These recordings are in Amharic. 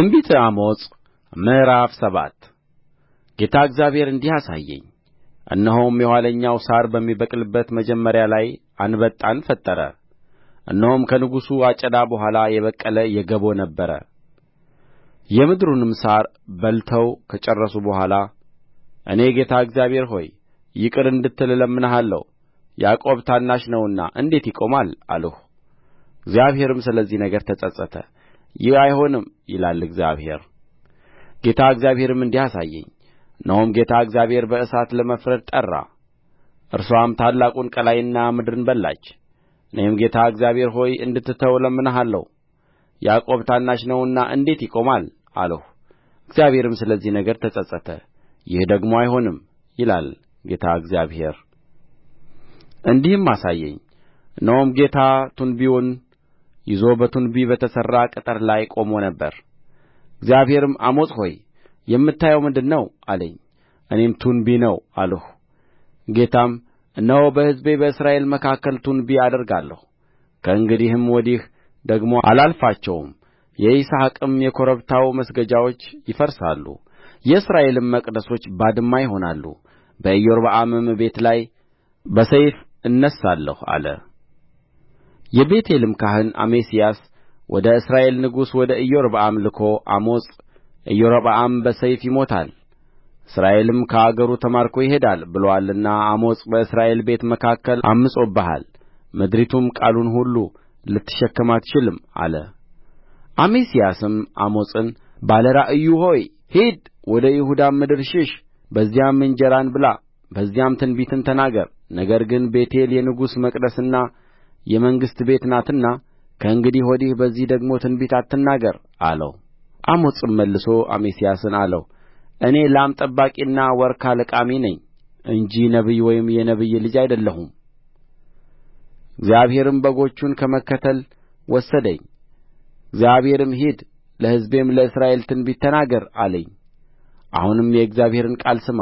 ትንቢተ አሞጽ ምዕራፍ ሰባት ጌታ እግዚአብሔር እንዲህ አሳየኝ እነሆም የኋለኛው ሣር በሚበቅልበት መጀመሪያ ላይ አንበጣን ፈጠረ እነሆም ከንጉሡ አጨዳ በኋላ የበቀለ የገቦ ነበረ የምድሩንም ሣር በልተው ከጨረሱ በኋላ እኔ ጌታ እግዚአብሔር ሆይ ይቅር እንድትል እለምንሃለሁ ያዕቆብ ታናሽ ነውና እንዴት ይቆማል አልሁ እግዚአብሔርም ስለዚህ ነገር ተጸጸተ ይህ አይሆንም ይላል እግዚአብሔር ጌታ እግዚአብሔርም እንዲህ አሳየኝ እነሆም ጌታ እግዚአብሔር በእሳት ለመፍረድ ጠራ እርስዋም ታላቁን ቀላይና ምድርን በላች እኔም ጌታ እግዚአብሔር ሆይ እንድትተው እለምንሃለሁ ያዕቆብ ታናሽ ነውና እንዴት ይቆማል አልሁ እግዚአብሔርም ስለዚህ ነገር ተጸጸተ ይህ ደግሞ አይሆንም ይላል ጌታ እግዚአብሔር እንዲህም አሳየኝ እነሆም ጌታ ቱንቢውን ይዞ በቱንቢ በተሠራ ቅጥር ላይ ቆሞ ነበር እግዚአብሔርም አሞጽ ሆይ የምታየው ምንድር ነው አለኝ እኔም ቱንቢ ነው አልሁ ጌታም እነሆ በሕዝቤ በእስራኤል መካከል ቱንቢ አደርጋለሁ ከእንግዲህም ወዲህ ደግሞ አላልፋቸውም የይስሐቅም የኮረብታው መስገጃዎች ይፈርሳሉ የእስራኤልም መቅደሶች ባድማ ይሆናሉ በኢዮርብዓምም ቤት ላይ በሰይፍ እነሣለሁ አለ የቤቴልም ካህን አሜስያስ ወደ እስራኤል ንጉሥ ወደ ኢዮርብዓም ልኮ አሞጽ ኢዮርብዓም በሰይፍ ይሞታል እስራኤልም ከአገሩ ተማርኮ ይሄዳል ብሎአልና አሞጽ በእስራኤል ቤት መካከል ዐምፆብሃል ምድሪቱም ቃሉን ሁሉ ልትሸከም አትችልም አለ አሜስያስም አሞጽን ባለ ራእዩ ሆይ ሂድ ወደ ይሁዳም ምድር ሽሽ በዚያም እንጀራን ብላ በዚያም ትንቢትን ተናገር ነገር ግን ቤቴል የንጉሥ መቅደስና የመንግሥት ቤት ናትና ከእንግዲህ ወዲህ በዚህ ደግሞ ትንቢት አትናገር አለው አሞጽም መልሶ አሜስያስን አለው እኔ ላም ጠባቂና ወርካ ለቃሚ ነኝ እንጂ ነቢይ ወይም የነቢይ ልጅ አይደለሁም እግዚአብሔርም በጎቹን ከመከተል ወሰደኝ እግዚአብሔርም ሂድ ለሕዝቤም ለእስራኤል ትንቢት ተናገር አለኝ አሁንም የእግዚአብሔርን ቃል ስማ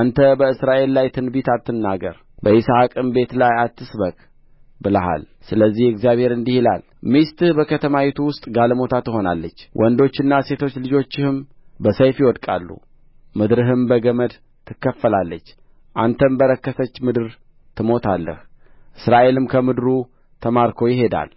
አንተ በእስራኤል ላይ ትንቢት አትናገር በይስሐቅም ቤት ላይ አትስበክ ብለሃል ስለዚህ እግዚአብሔር እንዲህ ይላል ሚስትህ በከተማይቱ ውስጥ ጋለሞታ ትሆናለች ወንዶችና ሴቶች ልጆችህም በሰይፍ ይወድቃሉ ምድርህም በገመድ ትከፈላለች አንተም በረከሰች ምድር ትሞታለህ እስራኤልም ከምድሩ ተማርኮ ይሄዳል